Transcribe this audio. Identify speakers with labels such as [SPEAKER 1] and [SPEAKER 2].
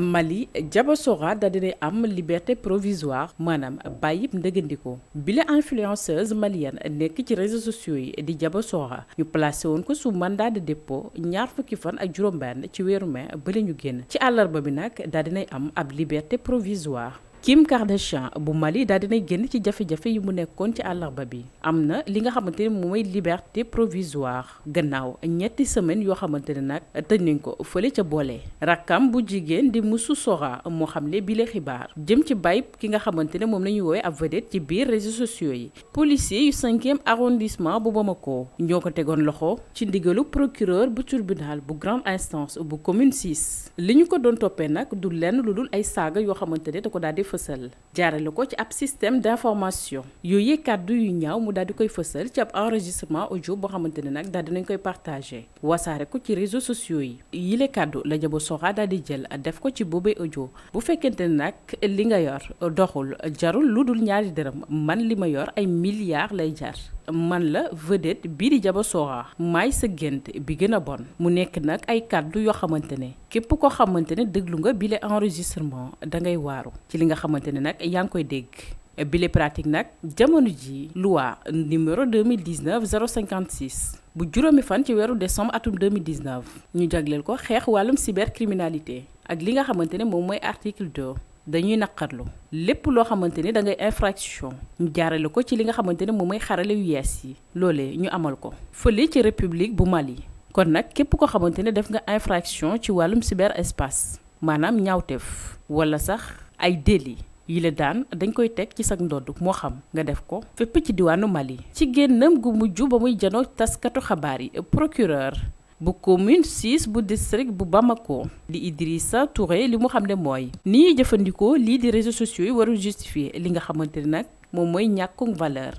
[SPEAKER 1] Mali Diabasora da dina am liberté provisoire maanaam bàyyib ndëgandikoo bile influenceuse malienne nekk ci réseaux sociaux yi di Diabasora ñu placé woon ko sous mandat de dépôt ñaar fukki fan ak juróom-benn ci weeru mai ba ñu génn ci àllarba bi nag da dinay am ab liberté provisoire Kim Kardashian bu Mali daal dinay génn ci jafe-jafe yi mu nekkoon ci àllarba bi am na li nga xamante ne mooy liberté provisoire gannaaw ñetti semaine yoo xamante ne nag tëj nañ ko fële ca boole rakkam bu jigéen di Moussou Sora moo xam xamle bile xibaar jëm ci bay ki nga xamante ne moom la ñuy woowee ab vedette ci biir réseaux sociaux yi policier yu cinquième arrondissement bu Bamako ñoo ko tegoon loxo ci ndigalu procureur bu tribunal bu grande instance bu commune 6 li ñu ko doon toppee nag du lenn lu dul ay saaga yoo xamante ne da ko daal fësal jaarale ko ci ab système d'information yooyu kàddu yu ñaaw mu daal di koy fësal ci ab enregistrement audio boo xamante ne nag daal dinañ koy partagé wasaare ko ci réseaux sociaux yi yile kàddu la Jabo Soxna daal di a def ko ci boobee audio bu fekkente ne nag li nga yor doxul jarul lu dul ñaari dërëm man li ma yor ay milliards lay jar man la vedette bii di Diaba Sora maay sa gént bi gën a bon mu nekk nag ay kàddu yoo xamante ne képp koo xamante ne déglu nga bile enregistrement da ngay waaru ci li nga xamante ne nag yaa ngi koy dégg bile pratique nag jamono ji loi numéro 2019 056 bu juróomi fan ci weeru décembre atum 2019 ñu jagleel ko xeex wàllum cybercriminalité ak li nga xamante ne moom mooy article 2 dañuy naqarlu lépp loo xamante ni da ngay infraction ñu jaarale ko ci li nga xamante ne moom mooy xarale yu yees yi loole ñu amal ko fële ci république bu Mali kon nag képp ko xamante ne def nga infraction ci wàllum espace maanaam ñaawteef wala sax ay délit yi la daan dañ koy teg ci sag ndodd moo xam nga def ko fépp ci diwaanu Mali ci génnam gu mujj ba muy janoo taskatu xabaar yi procureur bu commune 6 bu district bu Bamako di Idrissa Touré li mu xam ne mooy ni ñuy jëfandikoo lii di réseaux sociaux yi warul justifier li nga xamante ne nag moom mooy ñàkkug valeur